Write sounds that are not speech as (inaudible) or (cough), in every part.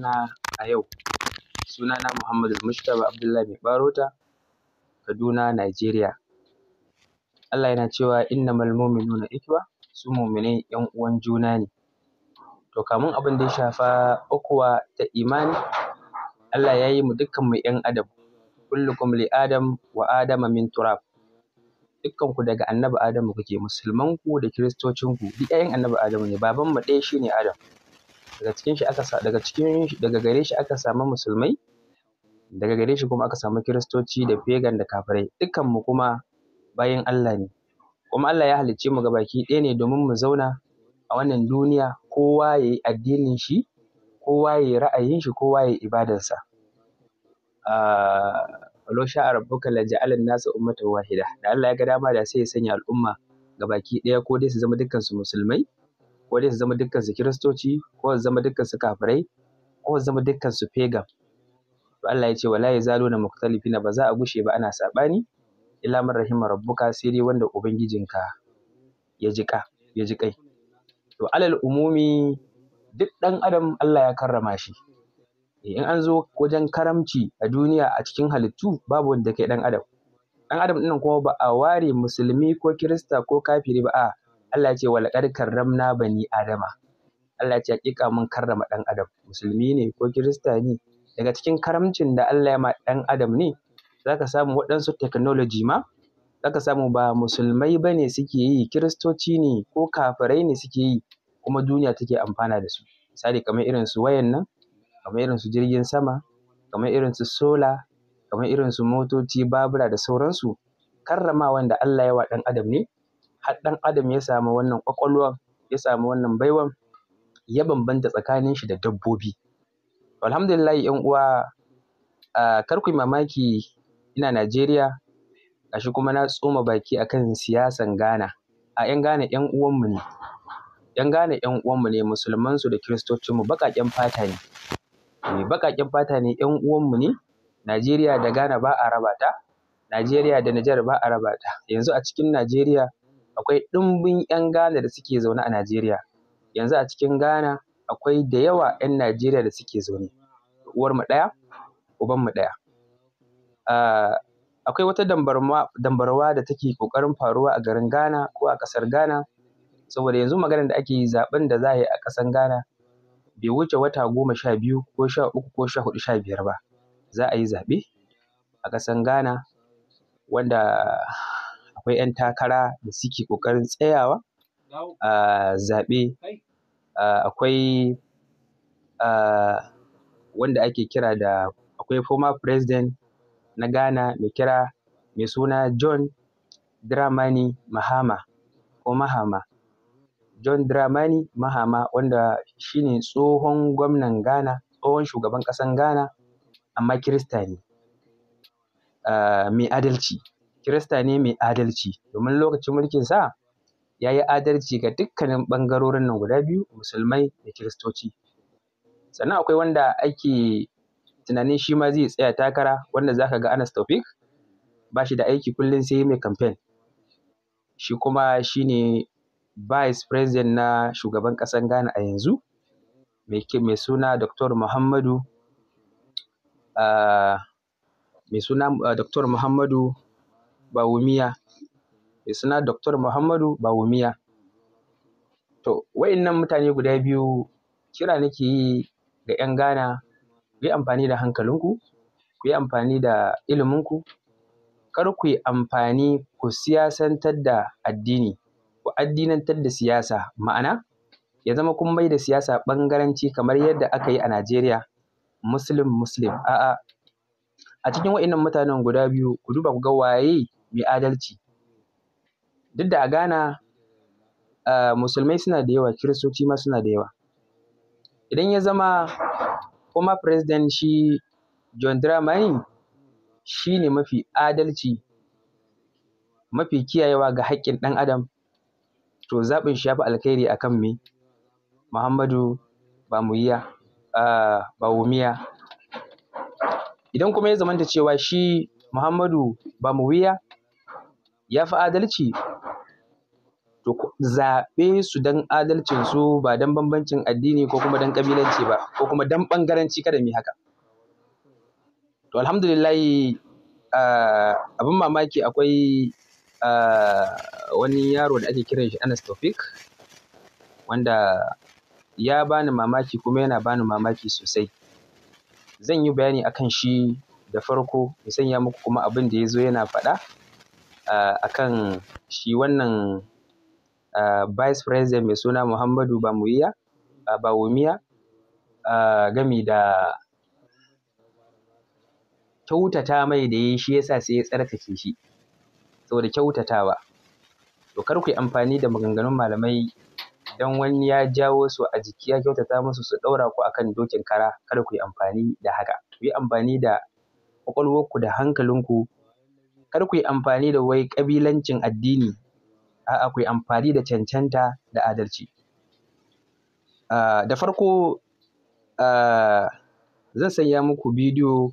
na a yau. Sunana Muhammadu Mustapha Abdullahi Mai ɓarota Kaduna, Najeriya. Allah yana cewa innamal mu'minuna ikhwa su mu'minai ƴan uwan juna ne. To kamun abin da ya shafa ukuwa ta imani Allah ya yi mu dukkan mu ƴan adam. Kullukum li Adam wa Adama min turab. Dukkan ku daga Annabi Adamu kuke musulman ku da kiristocin ku duk ƴaƴan Annabi Adamu ne baban mu ɗaya shine Adam. daga cikin shi aka daga cikin daga gare shi aka samu musulmai daga gare shi kuma aka samu kiristoci da pagan da kafirai dukkan mu kuma bayan Allah ne kuma Allah ya halicce mu ga baki ɗaya ne domin mu zauna a wannan duniya kowa ya yi addinin shi kowa ya yi ra'ayin shi kowa ya yi ibadansa ah, walau sha'a rabbuka la ja'alan nasa ummatan wahida da Allah ya ga dama da sai ya sanya al'umma ga baki ɗaya ko dai su zama dukkan su musulmai ko dai su zama dukkan su kiristoci ko su zama dukkan su kafirai ko su zama dukkan su pagan to Allah ya ce wala na mukhtalifina ba za a gushe ba ana sabani illa man rahima rabbuka sai dai wanda ubangijinka ya jika ya ji kai to alal umumi duk dan adam Allah ya karrama shi eh, in an zo wajen karamci a duniya a cikin halittu babu wanda kai dan adam dan adam ɗin kuma ba a ware musulmi ko kirista ko kafiri ba a Allah ya ce walaqad karramna bani adama Allah ya ce hakika mun karrama dan adam musulmi ne ko kirista ne daga cikin karamcin da Allah ya ma dan adam ne zaka samu waɗansu technology ma zaka samu ba musulmai bane suke yi kiristoci ne ko kafirai ne suke yi kuma duniya take amfana da su misali kamar irin su wayan nan kamar irin su jirgin sama kamar irin su sola kamar irin su motoci babura da sauransu karramawan da Allah ya wa ɗan adam ne har ɗan adam ya samu wannan ƙwaƙwalwan ya samu wannan baiwan ya bambanta tsakanin shi da dabbobi alhamdulillah yan uwa kar ku mamaki ina Najeriya gashi kuma na tsoma baki akan siyasan Ghana a yan Ghana yan uwanmu ne yan Ghana yan uwanmu ne musulman su da kiristocin mu baƙaƙen fata ne mai eh, baƙaƙen fata ne yan uwanmu ne Najeriya da Ghana ba a raba ta Najeriya da Nijar ba a raba ta yanzu a cikin Najeriya akwai ɗimbin 'yan Ghana da suke zaune a Najeriya. Yanzu a cikin Ghana akwai da yawa 'yan Najeriya da suke zaune. Uwarmu ɗaya, ubanmu ɗaya. Ah, akwai wata dambarwa da take ƙoƙarin faruwa a garin Ghana ko a ƙasar Ghana. Saboda yanzu maganar da ake yi zaɓen da za a yi a ƙasar Ghana bai wuce wata goma sha biyu ko sha uku ko sha huɗu sha biyar ba. Za a yi zaɓe a ƙasar Ghana wanda akwai 'yan takara da suke ƙoƙarin tsayawa a zaɓe akwai wanda ake kira da akwai former president na ghana mai kira mai suna john dramani mahama ko mahama john dramani mahama wanda shine tsohon gwamnan ghana tsohon shugaban ƙasan ghana amma kirista ne mai adalci Kirista ne mai adalci domin lokacin mulkinsa ya yi adalci ga dukkanin ɓangarorin nan guda biyu musulmai da kiristoci. Sannan akwai wanda ake tunanin shi ma zai tsaya takara wanda zaka ga Anas Taufik ba shi da aiki kullum sai mai kamfen. Shi kuma shi ne Vice President na shugaban ƙasar Ghana a yanzu mai suna Dr. Muhammadu mai suna Dr. Muhammadu ah, ah, Bawumiya mai suna Dr. Muhammadu Bawumiya. To, wa'innan mutane guda biyu kira nake yi ga 'yan Ghana, ku yi amfani da hankalinku, ku yi amfani da iliminku, kar ku yi amfani ku siyasantar da addini, ku addinantar da siyasa. Ma'ana, ya zama kun mai da siyasa ɓangaranci kamar yadda aka yi a Najeriya, Muslim Muslim. A'a, a cikin wa'innan mutanen guda biyu, ku duba ku ga waye mai adalci duk da a Ghana musulmai suna da yawa kiristoci ma suna da yawa idan ya zama former president shi John Dramani shi ne mafi adalci mafi kiyayewa ga haƙƙin ɗan adam to zaɓin shi ya fi alkhairi a kan me Muhammadu Bamuyiya Bawumiya idan kuma ya zamanta cewa shi Muhammadu Bamuyiya ya fi adalci to zaɓe su don su ba don bambancin addini ko kuma don ƙabilanci ba ko kuma don ɓangaranci kada mai haka to alhamdulillahi uh, abin mamaki akwai uh, wani yaro da ake kiran shi Anas Tofik wanda ya bani mamaki kuma yana bani mamaki sosai zan yi bayani akan shi da farko in sanya muku kuma abin da ya zo yana faɗa akan shi wannan vice president mai suna Muhammadu Bamuyiya Bawumiya gami da kyautata mai da yi shi yasa sai ya tsarkake shi saboda kyautatawa to kar ku amfani da maganganun malamai idan wani ya jawo su a jiki ya kyautata musu su ɗaura ku akan dokin kara kada ku yi amfani da haka ku yi amfani da ƙwaƙwalwarku da hankalinku kar ku yi amfani da wai ƙabilancin addini a'a ku yi amfani da cancanta da adalci da farko zan sanya muku bidiyo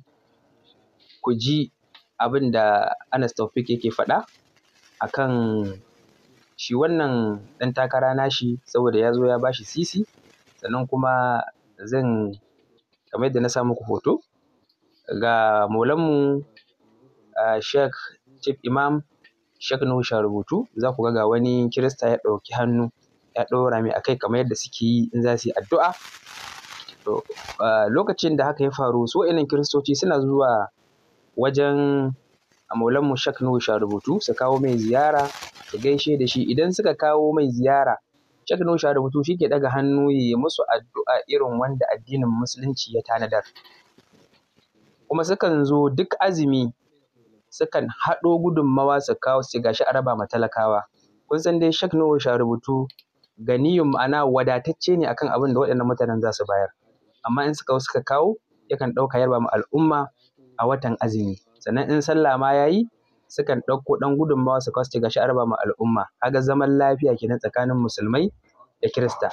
ku ji abin da Anas yake faɗa A kan shi wannan ɗan takara nashi saboda ya zo ya bashi sisi sannan kuma zan kamar yadda na sa muku hoto ga maulanmu Sheikh Chief Imam Sheikh Nuhu rubutu za ku ga wani Kirista ya ɗauki hannu ya ɗora mai akai kamar yadda suke yi in za su yi addu'a. lokacin da haka ya faru su wa'innan Kiristoci suna zuwa wajen Maulanmu Sheikh Nuhu rubutu su kawo mai ziyara su gaishe da shi idan suka kawo mai ziyara Sheikh Nuhu rubutu shi ke ɗaga hannu ya yi musu addu'a irin wanda addinin Musulunci ya tanadar. Kuma sukan zo duk azumi sukan haɗo gudunmawa su kawo su gashi a raba ma talakawa kun san dai shak nuhu sha rubutu ganiyun ma'ana wadatacce ne akan abin da waɗannan mutanen za su bayar amma in suka suka kawo yakan ɗauka yarba ma al'umma a watan azumi sannan in sallah ma ya yi sukan ɗauko ɗan gudunmawa su kawo su gashi a raba ma al'umma kaga zaman lafiya kenan tsakanin musulmai da kirista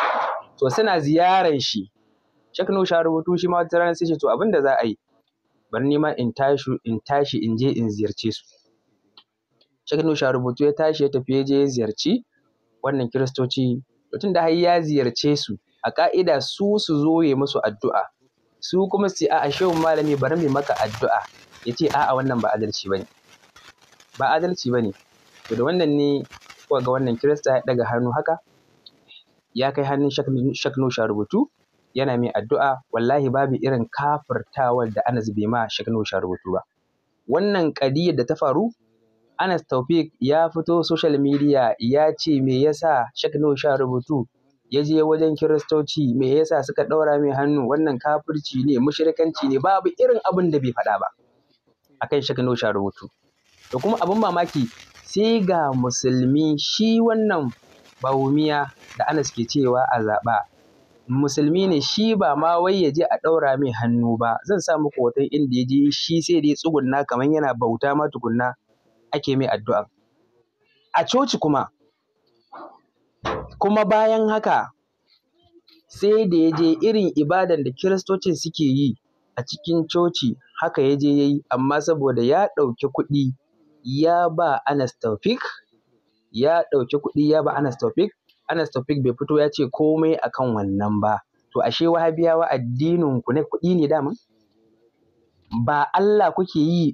to suna ziyaran shi shak nuhu sha rubutu shi ma wata rana sai ce to abin da za a yi bari ni ma in tashi in tashi in je in ziyarce su Sheikh Nusha rubutu ya tashi ya tafi ya je ya ziyarci wannan kiristoci mutum da har ya ziyarce su a ka'ida su su zo ya musu addu'a su kuma su a'a shehu malami bari mai maka addu'a ya ce a'a wannan ba adalci bane ba adalci bane to da wannan ne kuka ga wannan kirista ya ɗaga hannu haka ya kai hannun Sheikh sha rubutu yana mai addu'a wallahi babu irin kafirtawar da Anas bai ma Sheikh sha rubutu ba wannan kadiyar da ta faru Anas Taufik ya fito social media ya ce me yasa Sheikh sha rubutu ya je wajen kiristoci me yasa suka ɗaura mai hannu wannan kafirci ne mushrikanci ne babu irin abin da bai faɗa ba akan Sheikh sha rubutu da kuma abin mamaki sai ga musulmi shi wannan bawumiya da Anas ke cewa a zaɓa musulmi ne shi ba ma wai ya je a ɗaura mai hannu ba zan sa muku hoton inda ya je shi sai da ya tsugunna kamar yana bauta ma tukunna ake mai addu'a a coci kuma kuma bayan haka sai da ya je irin ibadan da kiristocin suke yi a cikin coci haka ya je ya yi amma saboda ya ɗauki kuɗi ya ba anastafik? ya ɗauki kuɗi ya ba anastafik? Anas Tafik bai fito ya ce komai akan wannan ba to ashe wahabiyawa addinin ku na kuɗi ne daman ba Allah kuke yi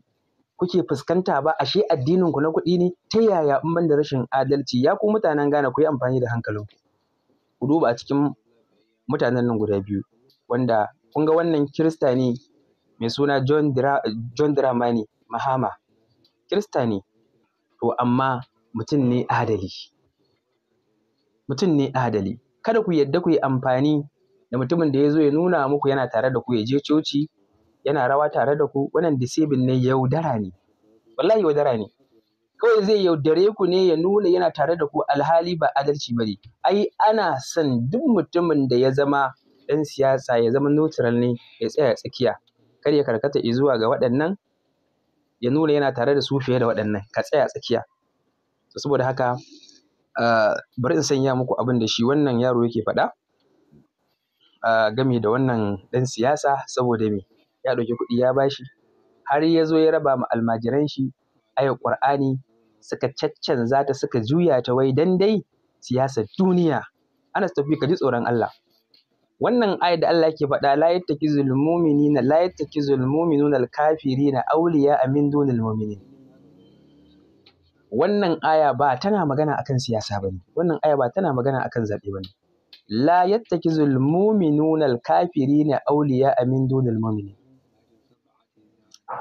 kuke fuskanta ba ashe addinin ku na kuɗi ne ta yaya in ban da rashin adalci ya ku mutanen Ghana ku yi amfani da hankalin ku duba a cikin mutanen nan guda biyu wanda kun ga wannan kirista ne mai suna John Dra John Dramani Mahama kirista ne to amma mutum ne adali mutum ne adali kada ku yadda ku yi amfani da mutumin da ya zo ya nuna muku yana tare da ku ya je coci yana rawa tare da ku wannan deceiving ne yaudara ne wallahi yaudara ne kawai zai yaudare ku ne ya nuna yana tare da ku alhali ba adalci ba ne ai ana son duk mutumin da ya zama ɗan siyasa ya zama neutral ne ya tsaya tsakiya kar ya karkata zuwa ga waɗannan ya nuna yana tare da su fiye da waɗannan ka tsaya tsakiya saboda haka Ah, bari in sanya muku abin da shi wannan yaro yake faɗa ah, game da wannan ɗan siyasa saboda me ya ɗauki kuɗi ya bashi har ya zo ya raba ma almajiran shi ayar qur'ani suka caccanza ta suka juya ta wai dan dai siyasar duniya Anas tafi ka ji tsoron Allah wannan ayar da Allah yake faɗa la yattakizul mu'minina la yattakizul mu'minuna al-kafirina awliya min dunil mu'minin wannan aya ba tana magana akan siyasa bane wannan aya ba tana magana akan zaɓe bane la yattakizul mu'minuna al-kafirina awliya min dunil mu'minin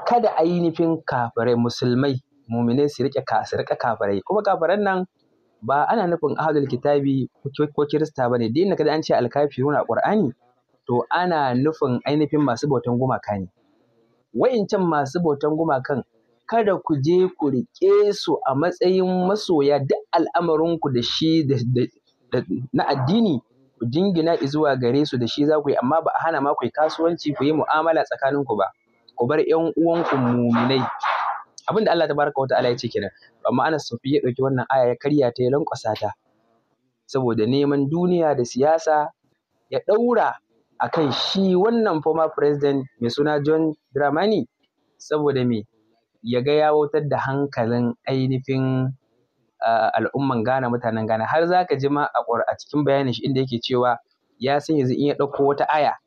kada ainihin kafirai musulmai mu'minai su rike su rike kafirai kuma kafiran nan ba ana nufin ahlul kitabi ko kirista bane dai kada an ce al-kafiruna a qur'ani to ana nufin ainihin masu bautan gumaka ne wa'incan masu bautan gumakan kada ku je ku riƙe su a matsayin masoya duk al'amarinku da shi na addini ku jingina zuwa gare su da shi za ku yi amma ba a hana ma ku yi kasuwanci ku yi mu'amala tsakaninku ba ku bar ƴan uwanku muminai Abinda da Allah ta wata wata ya ce kenan amma ana Sufi ya ɗauki wannan aya ya karya ta ya lankwasa ta saboda neman duniya da siyasa ya ɗaura a kan shi wannan former president mai suna John Dramani saboda me ya ga ya wautar da hankalin ainihin ah, al'umman Ghana mutanen Ghana har za ka ji ma a cikin bayanin shi inda yake cewa ya san yanzu in ya ɗauko wata aya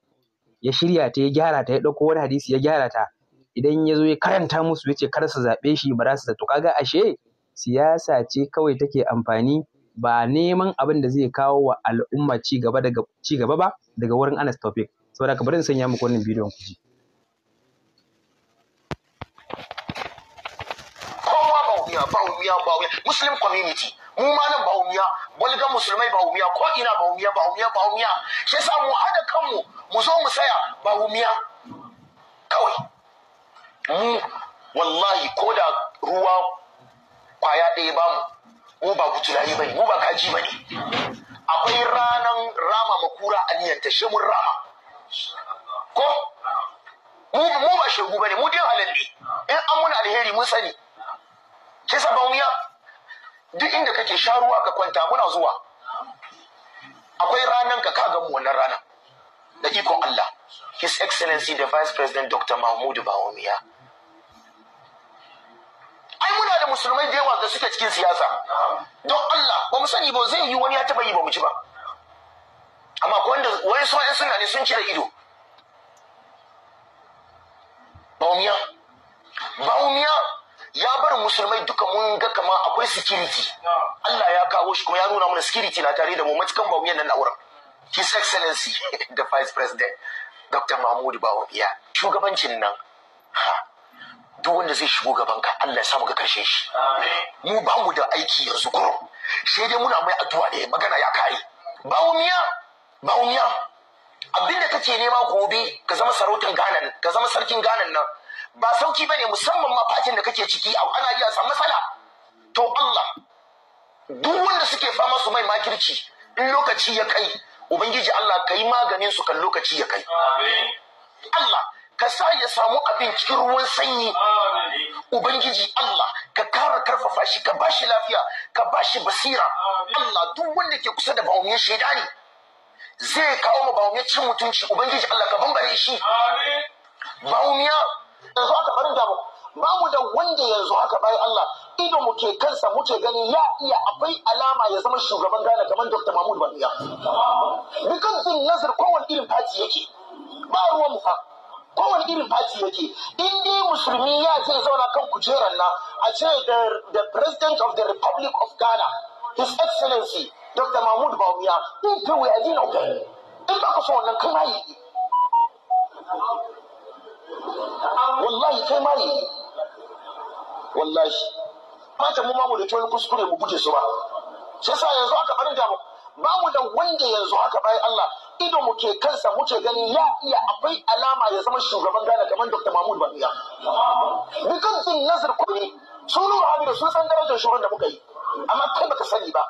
ya shirya ta ya gyara ta ya ɗauko wani hadisi ya gyara ta idan ya zo ya karanta musu ya ce kar su zaɓe shi ba za su zato kaga ashe siyasa ce kawai take amfani ba neman abin da zai kawo wa al'umma ci gaba ba daga wurin Anas Tawfik saboda ka bari in sanya muku wannan bidiyon ku ji umiya ba umiya ba muslim community mu ma nan ba umiya bulgan musulmai ba umiya ko ina ba umiya ba umiya ba umiya shi yasa mu hada kanmu mu zo mu saya ba umiya kawai mu wallahi ko da ruwa kwaya ɗaya ba mu mu ba gutulari bane mu ba kaji ba ne. akwai ranan rama makura aniyanta shi mun rama ko mu ba shegu ba ne mu dai halal ne in an muna alheri mun sani ke sa baumiya duk inda kake sha ruwa ka kwanta muna zuwa akwai ranan ka ka mu wannan rana da ikon Allah His Excellency the Vice President Dr. Mahmudu Bawumia ai muna da musulmai da yawa da suke cikin siyasa don Allah ba mu sani ba zai yi wani ya taba yi ba mu ci ba amma ko wanda wani so wa'in suna ne sun cire ido Bawumia Bawumia ya bar musulmai duka mun ga kama akwai security Allah ya kawo shi kuma ya nuna mana security na tare da mu matukan ba wuyan nan na wurin his excellency (laughs) the vice president dr mahmudu bawabiya shugabancin nan duk wanda zai shigo gaban ka Allah ya samu ga karshe shi mu ba mu da aiki yanzu ko sai dai muna mai addu'a ne magana ya kare bawumiya bawumiya abinda ne nema gobe ka zama sarautan ganan ka zama sarkin ganan nan ba sauki bane musamman ma fatin da kake ciki a ana iya samu matsala to Allah duk wanda suke fama su mai makirci in lokaci ya kai ubangiji Allah ka yi maganin su kan lokaci ya kai Allah ka sa ya samu abin cikin ruwan sanyi ubangiji Allah ka kara karfafa shi ka bashi lafiya ka bashi basira Allah duk wanda ke kusa da shaida ne, zai kawo ma bawumin cin mutunci ubangiji Allah ka bambare shi bawumiya yanzu haka barin damu ba mu da wanda yanzu haka bayan Allah idan mu ke kansa muke gani ya iya akwai alama ya zama shugaban Ghana kamar Dr. Mahmud Baniya Bikin in nazar kowane irin fati yake ba ruwan mu fa kowane irin fati yake in dai musulmi ya ce zauna kan kujerar na a ce the president of the republic of Ghana his excellency Dr. Mahmud Bawumia in a wa yadina in ba ka so wannan kai ma yi wallahi kai ma yi wallahi ba ta mu ma mu da toyin kuskure mu buke su ba shi sa yanzu aka bar da ba mu da wanda yanzu aka bai Allah ido mu ke kansa muke gani ya iya akwai alama ya zama shugaban Ghana kamar Dr. Mahmud Bamiya bikin din nazar kudi sun nuna da sun san darajar shugaban da muka yi amma kai baka sani ba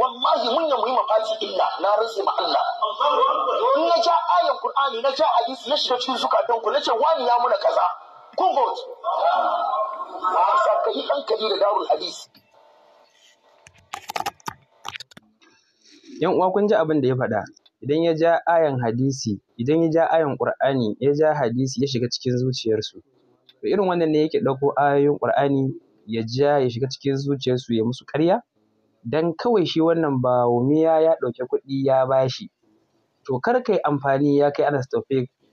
wallahi mun yi muyi mafati illa na rantsi ma Allah in na ja ayan Qur'ani na ja hadisi ya shiga cikin zukatan ku nace wani ya muna kaza kun vote a saka yi hankali da darul hadisi yan uwa kun ji abin da ya faɗa idan ya ja ayan hadisi idan ya ja ayan qur'ani ya ja hadisi ya shiga cikin zuciyarsu to irin wannan ne yake ɗauko ayoyin qur'ani ya ja ya shiga cikin zuciyarsu ya musu ƙarya don kawai shi wannan miya ya ɗauki kuɗi ya bashi. To kar ka amfani ya kai ana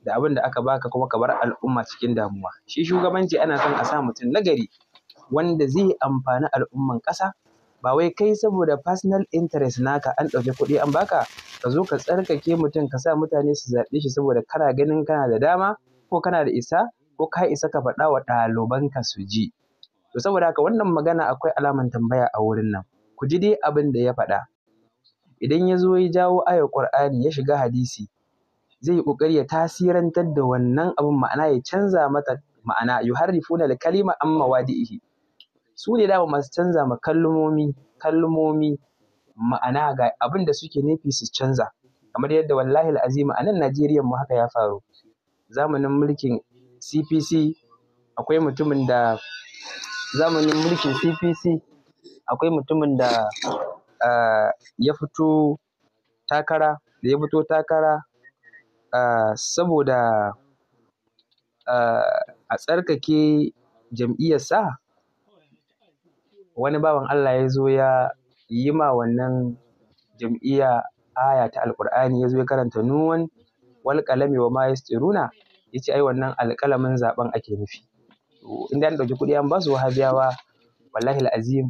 da abin da aka baka kuma ka bar al'umma cikin damuwa. Shi shugabanci ana son a sa mutum nagari wanda zai amfani al'umman ƙasa ba wai kai saboda personal interest naka an ɗauki kuɗi an baka ka zo ka tsarkake mutum ka sa mutane su zaɓe shi saboda kana ganin kana da dama ko kana da isa ko ka isa ka faɗa wa ɗalibanka su ji. To saboda haka wannan magana akwai alaman tambaya a wurin nan. ku ji dai abin da ya faɗa. Idan ya zo ya jawo ayar Ƙur'ani ya shiga hadisi, zai yi ƙoƙari ya tasirantar da wannan abin ma'ana ya canza mata ma'ana yuharrifuna da kalima an Ihi. su ne dama masu canza ma kalmomi kalmomi ma'ana ga abin da suke nufi su canza kamar yadda wallahi al'azima a nan Najeriya mu haka ya faru zamanin mulkin CPC akwai mutumin da zamanin mulkin CPC akwai mutumin da eh, ya fito takara da ya fito takara eh, saboda eh, a tsarkake sa, wani bawan Allah ya zo ya yi ma wannan jam'iyya aya ta alkur'ani ya zo ya karanta nuwan wal kalami wa ma ya ce ai wannan alkalamin zaben ake nufi in da an ɗauki kuɗi an ba su wahabiyawa wallahi azim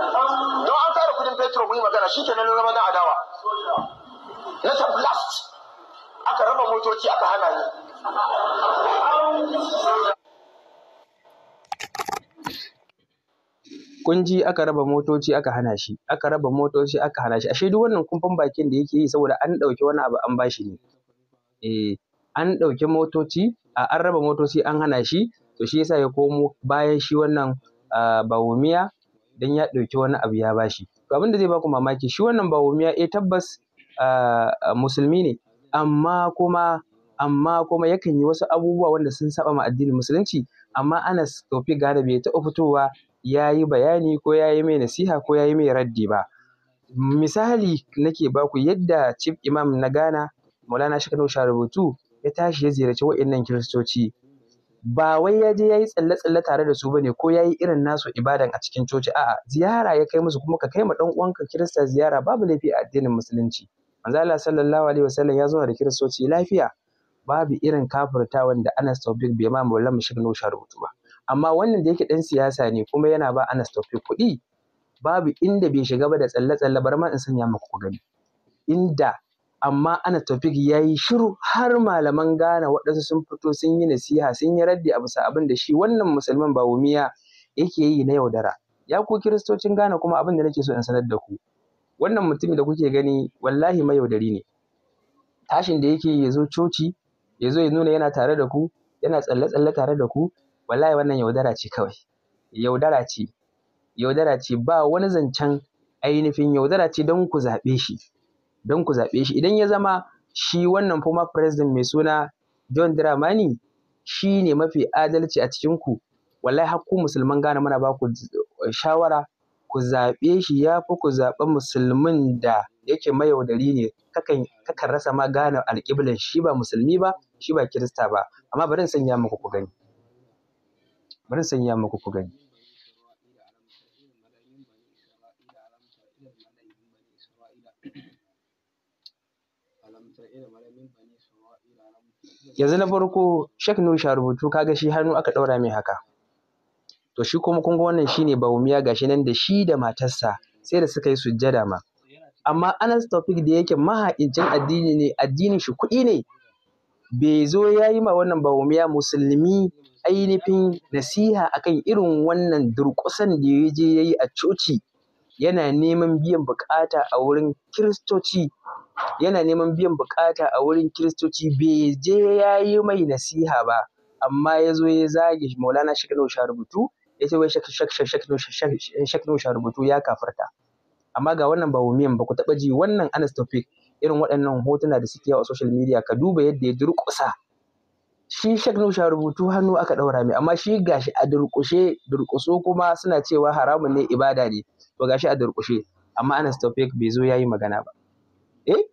don an kare kudin petro mu yi magana shi kenan na zama na adawa na ta blast aka raba motoci aka hana ni ji aka raba motoci aka hana shi aka raba motoci aka hana shi ashe duk wannan kumfan bakin da yake yi saboda an ɗauki wani abu an bashi ne eh an ɗauki motoci a an raba motoci an hana shi to shi yasa ya komo bayan shi wannan ah, bawumiya don ya ɗauki wani abu ya bashi to abin da zai baku mamaki shi wannan ba miya eh tabbas musulmi ne amma kuma amma kuma yakan yi wasu abubuwa wanda sun saba ma addinin musulunci amma Anas Tawfiq Gara bai taɓa fitowa ya yi bayani ko ya yi mai nasiha ko ya yi mai raddi ba misali nake baku yadda chief imam na Ghana Maulana Sheikh sha rubutu ya tashi ya ziyarci waɗannan kiristoci ba wai ya je ya yi tsalle-tsalle tare da su ba ne ko ya yi irin nasu ibadan a cikin coci a'a ziyara ya kai musu kuma ka kai ma ɗan uwanka kirista ziyara babu laifi a addinin musulunci manzo Allah sallallahu alaihi wasallam ya zauna da kiristoci lafiya babu irin kafirtawan da Anas Tawfik bai ma Maulana Mushrik Nusha rubutu ba amma wannan da yake dan siyasa ne kuma yana ba Anas Tawfik kuɗi babu inda bai shiga ba da tsalle-tsalle bar ma in sanya muku ku gani inda amma Ana Taufik ya yi shiru har malaman Ghana waɗansu sun fito sun yi nasiha sun yi raddi a bisa abin da shi wannan musulmin ba wumiya yake yi na yaudara. Ya ku kiristocin Ghana kuma abin da nake so in sanar da ku. Wannan mutumin da kuke gani wallahi mayaudari ne. Tashin da yake ya zo coci ya zo ya nuna yana tare da ku yana tsalle-tsalle tare da ku wallahi wannan yaudara ce kawai. Yaudara ce. Yaudara ce ba wani zancen ainihin yaudara ce don ku zaɓe shi. don ku zaɓe shi idan ya zama shi wannan former president mai suna John Dramani shi ne mafi adalci a cikin ku wallahi har ku musulman gane muna ba ku shawara ku zaɓe shi ya fi ku zaɓi musulmin da yake mayaudari ne kakan kakan rasa ma gane alƙiblan shi ba musulmi ba shi ba kirista ba amma bari in sanya muku ku gani bari in sanya muku ku gani yanzu na farko shek nu sha rubutu kaga shi hannu aka ɗaura mai haka to shi kuma kun ga wannan shine bawumiya shi nan da shi da matarsa sai da suka yi sujjada ma amma Anas da yake mahaƙincin addini ne addinin shi kuɗi ne bai zo ya yi ma wannan bawumiya musulmi ainihin nasiha akan irin wannan durƙusan da ya je ya yi a coci yana neman biyan buƙata a wurin kiristoci yana neman biyan buƙata a wurin Kiristoci bai je ya yi mai nasiha ba, amma ya zo ya zage Maulana Sheikh sha Rubutu ya ce wai shakno sha Rubutu ya kafarta. Amma ga wannan ba wumiyan ba ku taɓa ji wannan anastopic irin waɗannan hotuna da suke yawa a social media ka duba yadda ya durƙusa shi shakno sha rubutu hannu aka ɗaura mai amma shi gashi a durƙushe durƙuso kuma suna cewa haramun ne ibada ne to gashi a durƙushe amma anastopic bai zo ya yi magana ba eh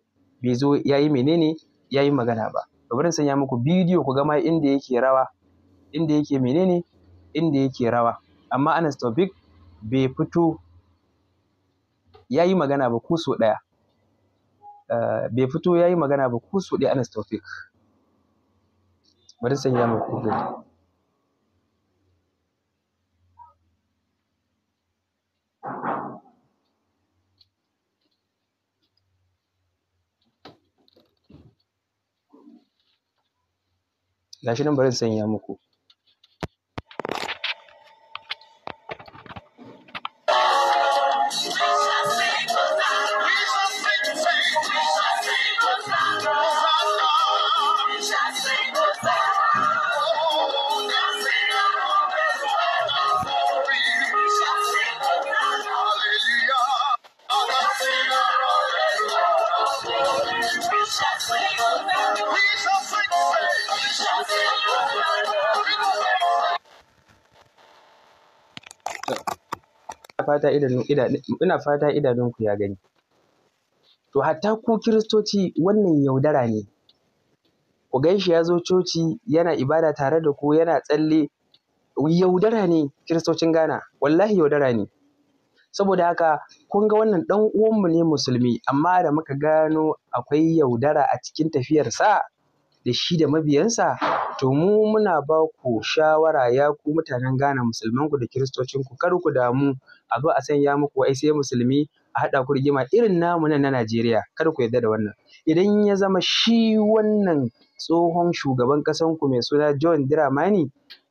bai zo ya yi menene ya yi magana ba to bari sanya muku bidiyo ku gama inda yake rawa inda yake menene inda yake rawa amma Anas Tawfik bai fito ya yi magana ba ko so ɗaya eh, bai fito ya yi magana ba ko so ɗaya Anas Tawfik bari sanya muku gani gashi nan bari in sanya muku fata ina fata idanunku ya gani. To hatta ku Kiristoci wannan yaudara ne. Ku gan ya zo coci yana ibada tare da ku yana tsalle yaudara ne Kiristocin Ghana wallahi yaudara ne. Saboda haka kun ga wannan ɗan uwanmu ne musulmi amma da muka gano akwai yaudara a cikin tafiyarsa da shi da mabiyansa? To mu muna ba ku shawara ya ku mutanen Ghana musulmanku da kiristocin ku. kar ku damu a a sanya muku wai sai musulmi a haɗa ku rigima irin namu nan na Najeriya kar ku yarda da wannan. Idan ya zama shi wannan tsohon shugaban ku mai suna John Dramani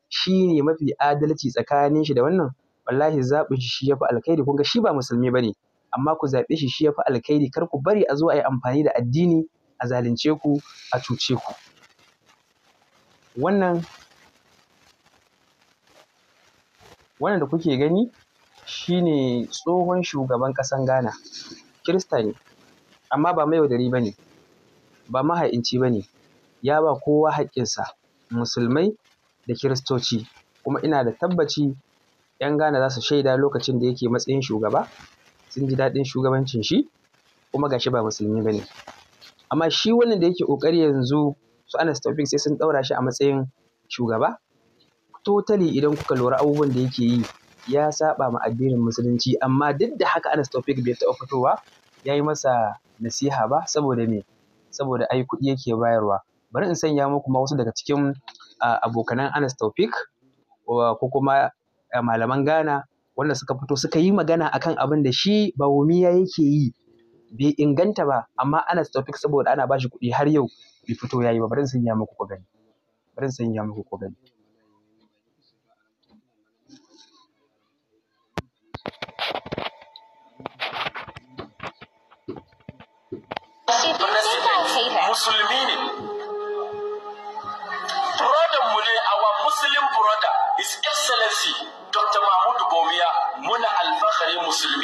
shi ne mafi adalci tsakanin shi da wannan wallahi zaɓin shi shi ya fi alkhairi kun ga shi ba musulmi ba ne amma ku zaɓe shi shi ya fi alkhairi kar ku bari a zo a yi amfani da addini a zalunce ku a cuce ku. wannan wannan da kuke gani shi ne tsohon shugaban ƙasan Ghana Kirista ne amma ba mayaudari ba ne ba maha'inci ba ne ya ba kowa haƙƙinsa musulmai da kiristoci kuma ina da tabbaci 'yan Ghana za su shaida lokacin da yake matsayin shugaba sun ji daɗin shugabancin shi kuma gashi ba musulmi ba ne amma shi wannan da yake ƙoƙari yanzu su Anas Taufik sai sun ɗaura shi a matsayin shugaba totally idan kuka lura abubuwan da yake yi ya saba ma addinin musulunci amma duk da haka Anas Taufik bai taɓa fitowa ya yi masa nasiha ba saboda me saboda ai kuɗi yake bayarwa bari in sanya muku ma wasu daga cikin abokanan Anas Taufik ko kuma malaman Ghana wanda suka fito suka yi magana akan abin da shi bawumiya yake yi bai inganta ba amma Anas Taufik saboda ana bashi kuɗi har yau bai fito yayi ba bari sanya muku ku gani bari sanya muku ku gani musulmi ne brother mu ne our muslim brother his excellency dr mahmud bomiya muna alfahari musulmi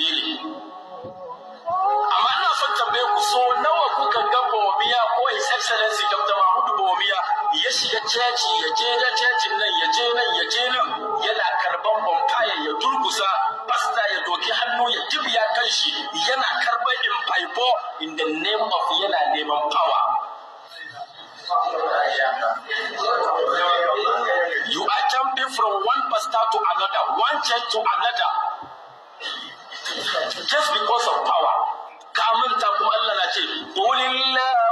caci ya je da cacin nan ya je nan ya je nan yana karban bonfire ya durkusa pasta ya doki hannu ya kibiya kan shi yana karban in faifo in the name of yana neman power You are jumping from one pastor to another, one church to another, just because of power. Ka manta kuma Allah na ce, "Qulillah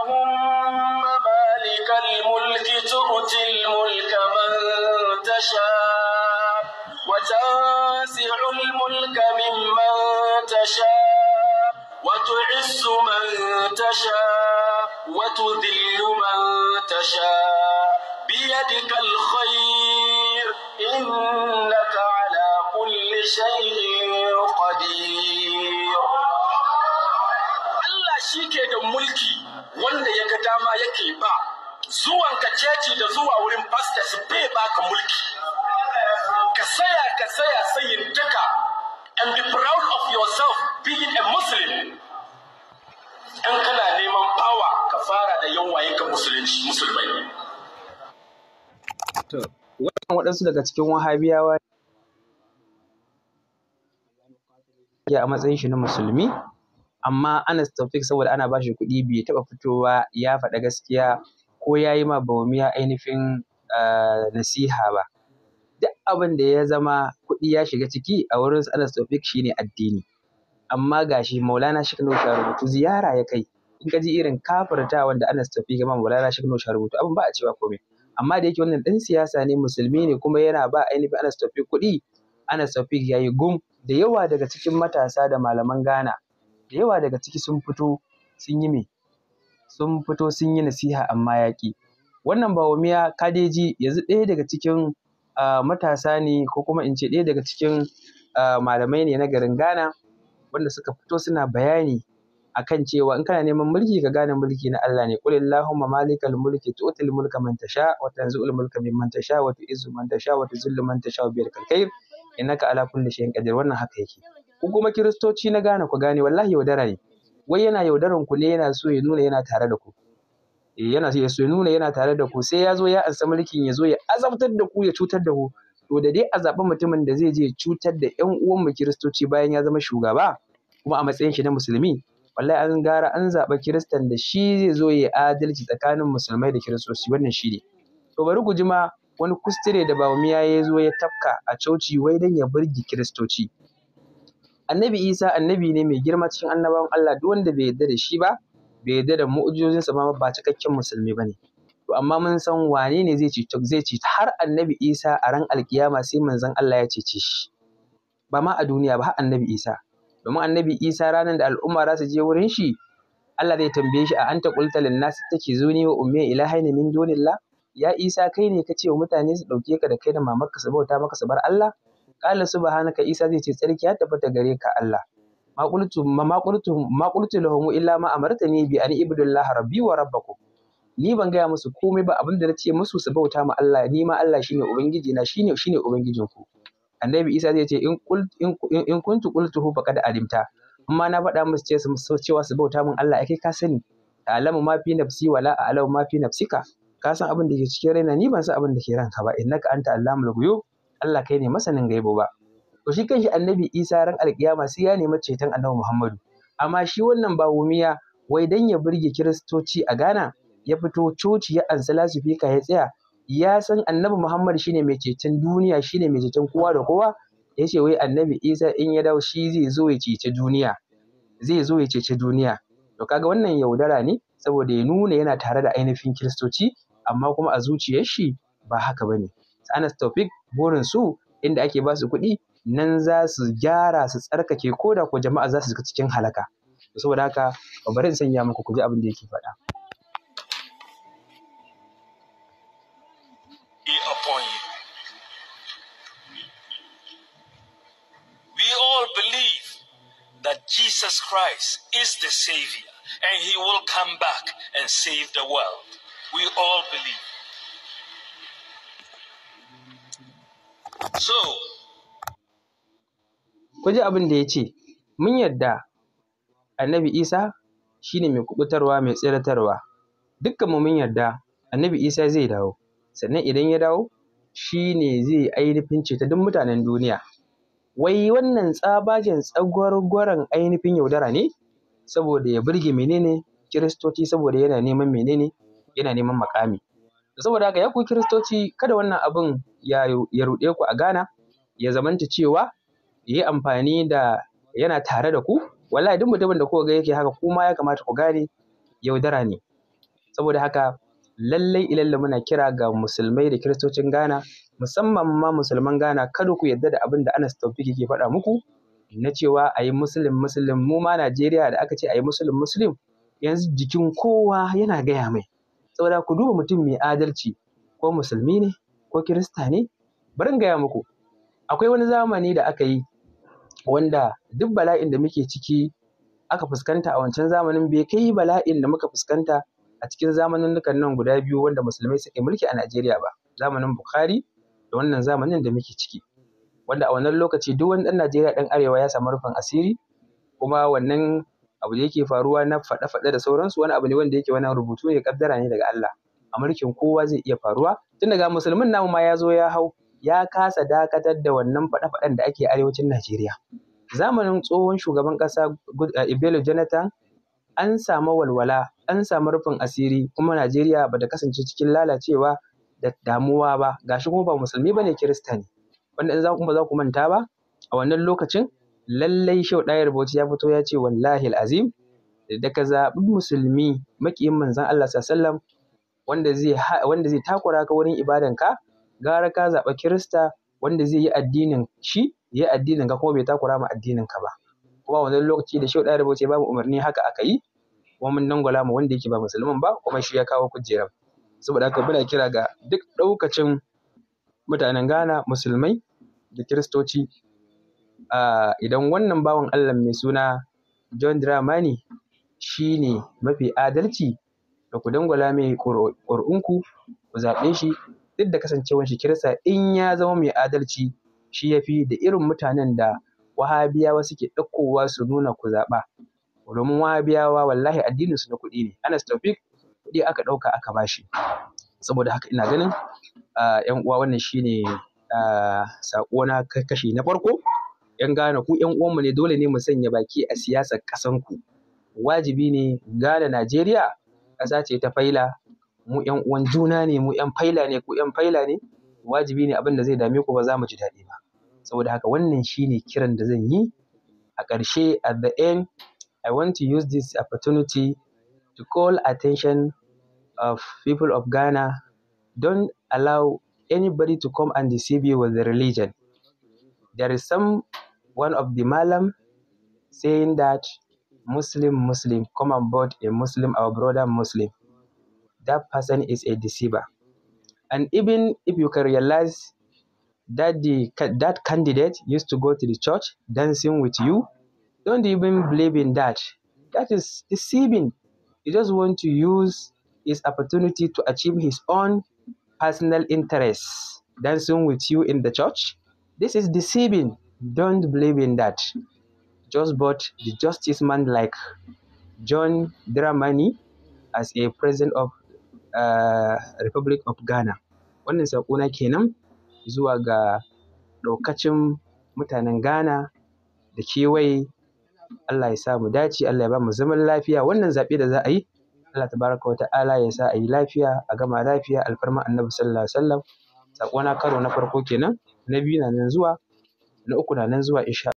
وتعز من تشاء وتذل من تشاء بيدك الخير إنك على كل شيء قدير الله شيكي da mulki wanda ya ga dama yake ba zuwan ka da zuwa wurin pastors bai baka mulki ka saya ka sayin duka and be proud of yourself being a muslim in kana neman fawa ka fara da waye ka musulunci musulmai to wannan waɗansu daga cikin wahabiyawa ya a matsayin shi na musulmi amma Anas Taufik saboda ana ba shi kuɗi bai taɓa fitowa ya faɗa gaskiya ko ya yi ma bawumiya ainihin ah, nasiha ba duk abin da ya zama kuɗi ya shiga ciki a wurin Anas Taufik shine addini amma gashi maulana shi Maulana rubutu ziyara ya kai in ka ji irin kafirtawan da anas tafi gama maulana shi rubutu abin ba a cewa komai amma da yake wannan dan siyasa ne musulmi ne kuma yana ba ainihin anas tafi kuɗi anas tafi ya gum da yawa daga cikin matasa da malaman ghana da yawa daga ciki sun fito sun yi me sun fito sun yi nasiha amma yaƙi wannan bawumiya kadeji yanzu ɗaya daga cikin ah, matasa ne ko kuma in ce ɗaya daga cikin ah, malamai ne na garin ghana wanda suka fito suna bayani akan cewa in kana neman mulki ka gane mulki na Allah ne qul illahumma malikal mulki tu'til mulka man tasha wa tanzi'ul mulka mimman tasha wa tu'izzu man tasha wa tuzillu man tasha bi yadikal khair innaka ala kulli shay'in qadir wannan haka yake ku kuma kiristoci na gane ku gane wallahi yaudara ne wai yana yaudaran ku ne yana so ya nuna yana tare da ku eh, yana so ya nuna yana tare da ku sai ya zo ya ansa mulkin ya zo ya azabtar da ku ya cutar da ku to da dai a zaɓi mutumin da zai je cutar da ƴan uwanmu kiristoci bayan ya zama shugaba kuma a matsayin shi na musulmi wallahi an gara an zaɓa kiristan da shi zai zo ya adalci tsakanin musulmai da kiristoci wannan shi ne to bari ku ji ma wani kuskure da miya ya zo ya tafka a coci wai dan ya burge kiristoci annabi isa annabi ne mai girma cikin annabawan allah duk wanda bai yarda da shi ba bai yarda da mu'ujizozinsa ba ba cikakken musulmi ba ne to amma mun san wane ne zai cece zai cece har annabi isa a ran alkiyama sai manzon Allah ya cece shi ba ma a duniya ba har annabi isa domin annabi isa ranar da al'umma za su je wurin shi Allah zai tambaye shi a anta qulta lin nas take zuni wa ummi ilahaini min dunillah ya isa kai ne ka ce wa mutane su ɗauke ka da kai da mamarka su bauta maka su bar Allah qala subhanaka isa zai ce tsarki ya tabbata gare ka Allah ma qultu ma qultu ma qultu lahum illa ma amartani bi an ibudullah rabbi wa rabbakum ni ban gaya musu komai ba abin da na ce musu su bauta ma Allah ni ma Allah shine ubangiji na shine shine ubangijin ku annabi Isa zai ce in kul in kuntu qultuhu faqad alimta amma na faɗa musu ce su cewa su bauta min Allah kai ka sani alamu ma fi nafsi wala alamu ma fi nafsika ka san abin da ke cikin raina ni ban san abin da ke ranka ba innaka anta allamul ghuyub Allah kai ne masanin gaibo ba to shi kanshi annabi Isa ran alkiyama sai ya nemi ceton annabi Muhammadu amma shi wannan ba wai dan ya burge kiristoci a Ghana ya fito coci ya ansa lasifika ya tsaya ya san annabi Muhammad shine mai ceton duniya shine mai ceton kowa da kowa ya ce wai annabi Isa in ya dawo shi zai zo ya cece duniya zai zo ya cece duniya to kaga wannan yaudara ne saboda ya nuna yana tare da ainihin kiristoci amma kuma a zuciyar shi ba haka bane ana Taufik burin su inda ake ba su kuɗi nan za su gyara su tsarkake ko da ko jama'a za su cikin halaka saboda haka bari in sanya muku ku ji abin da yake faɗa Christ is the Savior, and He will come back and save the world. We all believe. So, Kuji abin da ya ce, Mun yadda annabi Isa shi ne mai kubutarwa mai tseratarwa, dukkanmu mun yarda annabi Isa zai dawo, sannan idan ya dawo shi ne zai ainihin ceta duk mutanen duniya. wai wannan tsabagen tsagwargwaron ainihin yaudara ne saboda ya burge menene kiristoci saboda yana neman menene yana neman makami saboda haka ya ku kiristoci kada wannan abun ya ruɗe ku a gana ya zamanta cewa yi amfani da yana tare da ku wallahi duk mutumin da kuka ga yake haka kuma ya kamata ku gane yaudara ne saboda haka lallai ilalla muna kira ga musulmai da kiristocin gana, musamman ma musulman gana. kada ku yarda da abin da Anas Taufik yake faɗa muku na cewa a yi musulun musulun mu ma Najeriya da aka ce a yi musulun musulun yanzu jikin kowa yana gaya mai saboda ku duba mutum mai adalci ko musulmi ne ko kirista ne barin gaya muku akwai wani zamani da aka yi wanda duk bala'in da muke ciki aka fuskanta a wancan zamanin bai kai bala'in da muka fuskanta a cikin zamaninnukan nan guda biyu wanda musulmai suke mulki a Najeriya ba zamanin Bukhari da wannan zamanin da muke ciki wanda a wannan lokaci duk wani dan Najeriya dan arewa ya samu rufin asiri kuma wannan abu da yake faruwa na faɗe-faɗe da sauransu wani abu ne wanda yake wannan rubutu ne kaddara ne daga Allah a mulkin kowa zai iya faruwa tun daga musulmin namu ma ya zo ya hau ya kasa dakatar da wannan faɗe-faɗen da ake arewacin Najeriya zamanin tsohon shugaban ƙasa Ibelo Jonathan an samu walwala, an samu rufin asiri kuma Najeriya ba ta kasance cikin lalacewa da damuwa ba. Ga shi kuma ba musulmi ba ne Kirista ne. Wanda in za ku ba za ku manta ba a wannan lokacin lallai Shau Ɗayar Bauchi ya fito ya ce wallahi azim da ka zaɓi musulmi maƙiyin manzan Allah sallam wanda zai wanda zai takura ka wurin ibadan ka gara ka zaɓa Kirista wanda zai yi addinin shi ya addinin ka kuma bai takura ma addinin ka ba. kuma wannan lokaci da shehu ɗaya ce babu umarni haka aka yi kuma mun dangwala mu wanda yake ba musulmin ba kuma shi ya kawo kujerar saboda haka muna kira ga duk ɗaukacin mutanen Ghana musulmai da kiristoci idan wannan bawan Allah mai suna John Dramani shi ne mafi adalci da ku dangwala mai ƙuri'unku ku zaɓe shi duk da kasancewar shi kirista in ya zama mai adalci shi ya fi da irin mutanen da wahabiyawa suke ɗaukowa su nuna ku zaɓa domin wahabiyawa wallahi addinin su na kuɗi ne anas taufik kuɗi aka ɗauka aka bashi saboda haka ina ganin yan uwa wannan shine saƙo na kashi na farko yan gane ku yan uwanmu ne dole ne mu sanya baki a siyasar ƙasan ku wajibi ne gane Najeriya ƙasa ce ta faila mu yan uwan juna ne mu yan faila ne ku yan faila ne wajibi ne abin da zai dame ku ba za mu ji daɗi ba saboda haka wannan shine kiran da zan yi a ƙarshe at the end I want to use this opportunity to call attention of people of Ghana don't allow anybody to come and deceive you with the religion there is some one of the malam saying that Muslim Muslim come and board a Muslim our brother Muslim that person is a deceiver and even if you can realize that the that candidate used to go to the church dancing with you don't even believe in that that is deceiving he just want to use his opportunity to achieve his own personal interests dancing with you in the church this is deceiving don't believe in that just bought the justice man like john dramani as a president of uh, republic of ghana wannan saƙona kenan zuwa ga ɗaukacin mutanen Ghana da kewaye. Allah ya sa mu dace, Allah ya ba mu zaman lafiya. Wannan zaɓe da za a yi, Allah tabaraka wa ta'ala ya sa a yi lafiya, a gama lafiya, alfarma annabi sallallahu alaihi wasallam. Saƙona karo na farko kenan, na biyu na nan zuwa, na uku na nan zuwa insha